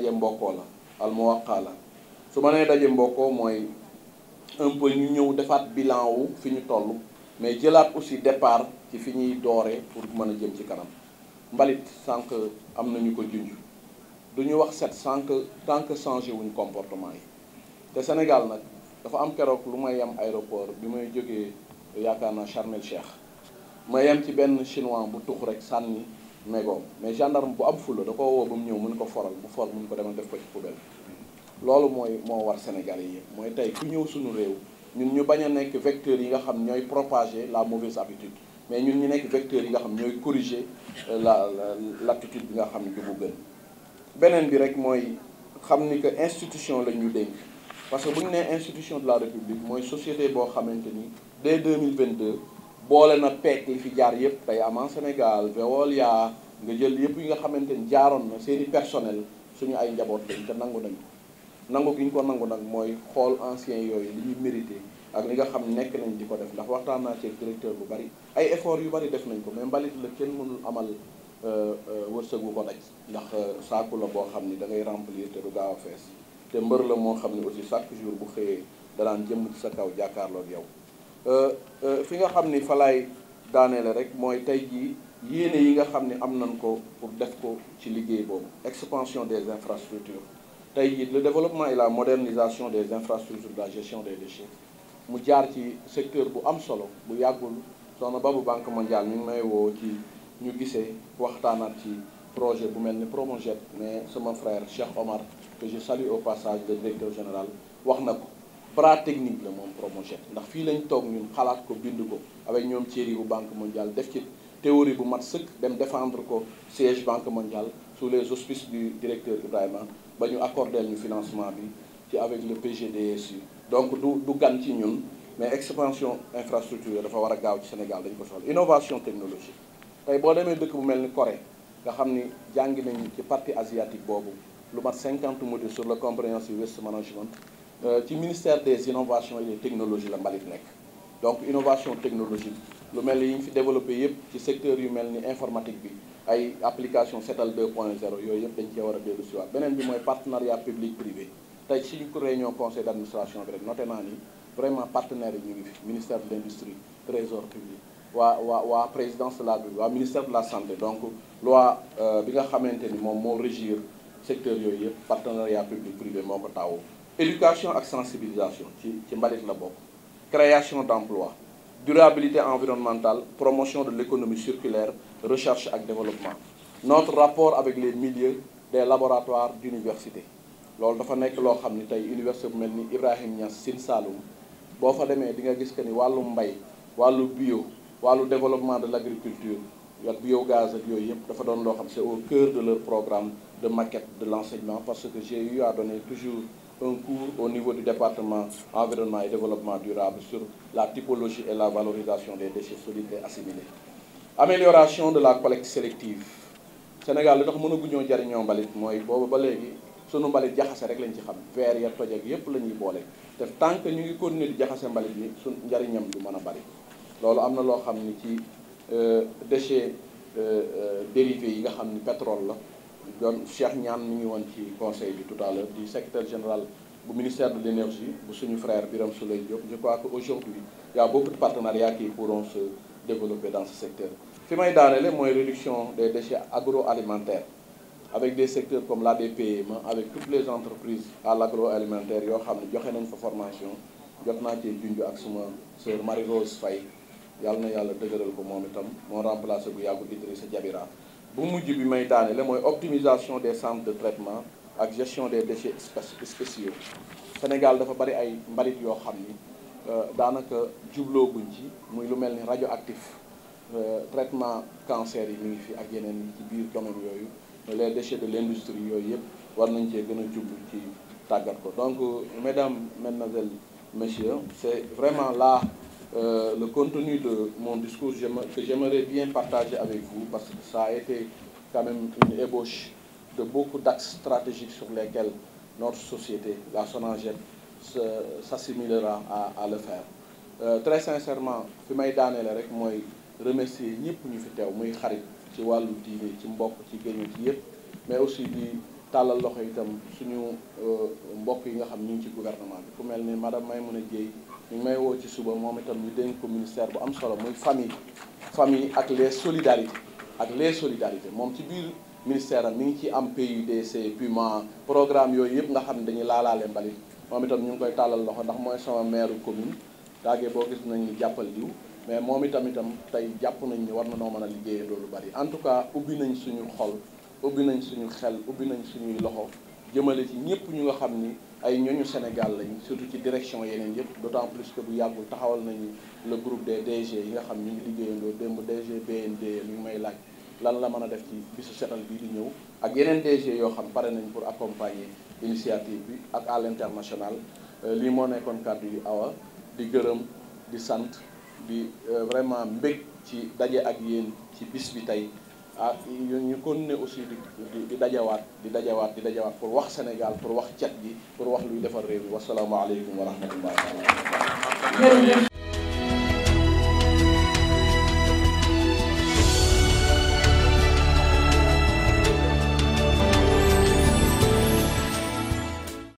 daje mbokkoo la almuwaqa la su ma nee daje mbokkoo mooy un peu ñu ñëw defaat bilan wu fi toll mais jëlaat aussi départ ci fi ñuy dooree pour mën a jëm ci kanam mbalit sànq am nañu ko junj du ñu wax set sànq tant que changé wuñ comportement yi te Sénégal nag dafa am keroog lu may yem aéroport bi may jógee yaakaar naa Sharm el Cheikh ma ci benn chinois bu tux rek sànni mais bon, mais gendarmes bu am fulla da ko foral bu ko def ko Sénégalais yi mooy ku ñun ñu vecteurs yi nga la mauvaise habitude mais ñun ñu nekk vecteurs yi nga corriger euh, l'attitude bi nga xam bu bi rek que institution la ñu parce que bu institution de la république la société dès 2022 boole na pek li fi jaar yëpp tey aman Sénégal Veolia nga jël yépp yi nga xamante ni jaaroon na seeni personnel suñu ay njaboot lañ te nangu nañu nangu gi ko nangu nag mooy xool ancien yooyu li ñu mérité ak li nga xam nekk nañ di ko def ndax waxtaan naa ci directeur bu bari ay effort yu bari def nañ ko mais mbalit la kenn mënul amal euh, euh, wërsëg wu ko daj ndax euh, saaku la boo xam ni da ngay remplir te du gaaw a fees te mbër la moo xam aussi chaque jour bu xëyee danaan jëm ci sa kaw jàkkaarloog yow Euh, euh, fi nga xam ni falaay daaneele rek mooy tey jii yéene yi nga xam ne am nañ ko pour def ko ci liggéey boobu expansion des infrastructures tey jii le développement et la modernisation des infrastructures de la gestion des déchets mu jaar ci secteur bu am solo bu yàggul soxna Babu Banque mondiale mi ngi may woo ci ñu gisee waxtaanat ci projet bu mel ni Promojet mais sama frère Cheikh Omar que je salue au passage le directeur général wax na ko bras technique le mon projet ndax Nous lañ toog ñun xalaat ko bind ko avec ñom Thierry bu banque mondiale def ci théorie bu mat seuk dem défendre ko siège banque mondiale sous les auspices du directeur Ibrahima ba ñu accordé ñu financement bi ci avec le PGDSU donc du du gan ci ñun mais expansion infrastructure dafa wara a gaaw ci Sénégal dañ ko innovation technologique tey bo demee dëkk bu melni Corée nga xamni ni jàngi ci partie asiatique bobu lu mat 50 modules sur le comprehensive waste management du euh, ministère des innovations et des technologies la donc innovation technologique le mel développé le secteur informatique bi l'application application setal 2.0 point a été partenariat public privé tey une réunion conseil d'administration administration bi rek vraiment partenaire yi ministère de l'Industrie, trésor public Wa, présidence de la ministère de la santé donc loi euh, bi nga le secteur du partenariat public privé éducation et sensibilisation ci ci création d'emplois, durabilité environnementale promotion de l'économie circulaire recherche et développement notre rapport avec les milieux des laboratoires d'université loolu dafa nekk loo xam ni université Ibrahim Niass Sinsaloum. Saloum boo fa que ni wàllu mbay bio développement de l'agriculture ak biogaz ak dafa xam c'est au cœur de leur programme de maquette de l'enseignement parce que j'ai eu à donner toujours un cours au niveau du département environnement et développement durable sur la typologie et la valorisation des déchets solides et assimilés. Amélioration de la collecte sélective. Sénégal li tax mënaguñoo jariñoo mbalit mooy boobu ba léegi sunu mbalit jaxase rek lañ ci xam verre ya toj ak yépp la ñuy boole te tant que ñu ngi continuer di jaxase mbalit mi suñ njariñam du mën a bari loolu am na loo xam ni ci euh, déchets euh, euh, dérivés yi nga xam ni pétrole don Cheikh Niane mi ngi ci conseil du tout à l'heure le secrétaire général du ministère de l'énergie bu frère Biram Soleil Diop je crois qu'aujourd'hui, aujourd'hui il y a beaucoup de partenariats qui pourront se développer dans ce secteur fi may c'est la réduction des déchets agroalimentaires avec des secteurs comme l'ADPM, e avec toutes les entreprises à l'agroalimentaire il y a une nañ fa formation jot naa cee ak Marie Rose Faye une na yàlla dëgëral ko moom itam moo remplacé bu yàggu Idrissa Diabira bu mujj bi may daane la mooy optimisation des centres de traitement ak gestion des déchets spéciaux Sénégal dafa bari ay mbalit yoo xam ni euh, daanaka jublooguñ ci muy lu mel ni radioactif euh, traitement cancer yi mi ngi fi ak yeneen yi ci biir domaine yooyu les déchets de l'industrie yooyu yëpp war nañ cee gën a jublu ci tàggat ko donc mesdames mesdemoiselles messieurs c'est vraiment là euh, le contenu de mon discours que j'aimerais bien partager avec vous parce que ça a été quand même une ébauche de beaucoup d'axes stratégiques sur lesquels notre société, la Sonangène, s'assimilera à, le faire. Euh, très sincèrement, je remercie remercier tous ñu fi teew muy xarit mais aussi tàllal loxo itam suñu euh, mbokk yi nga xam ñu ngi ci gouvernement bi ku mel ni madame Maymouna Dieye ñu ngi may woo ci suba moom itam ñu dénk ko ministère bu am solo muy famille famille ak les solidarités ak les solidarités moom ci biir ministère am mi ngi ci am PUDC PUMA programme yooyu yëpp nga xam ne dañuy laalaale mbalit moom itam ñu ngi koy tàllal loxo ndax mooy sama maire commune daagee boo gis nañ ni jàppal diw mais moom itam itam tey jàpp nañ ni war na noo mën a liggéeyee loolu bari en tout cas ubbi nañ suñu xol ubbi nañ suñu xel ubbi nañ suñuy loxo jëmale ci ñëpp ñu nga xam ni ay ñooñu Sénégal lañ surtout ci direction yeneen yëpp d'autant plus que bu yàggul taxawal nañu le groupe des DG yi nga xam ñu ngi liggéeyandoo démb DG BND ñu may laaj lan la mën a def ci bisu setal bi di ñëw ak yeneen DG yoo xam pare nañ pour accompagner initiative bi ak à l'international euh, lii moo nekkoon kàddu yu awa di gërëm di sant di euh, vraiment mbég ci daje ak yéen ci bis bi tey ah ñu ne aussi di di dajawaat di dajawaat di dajawaat pour wax Sénégal pour wax cet gi pour wax luy defar réew mi wasalaamaaleykum wa rahmatullah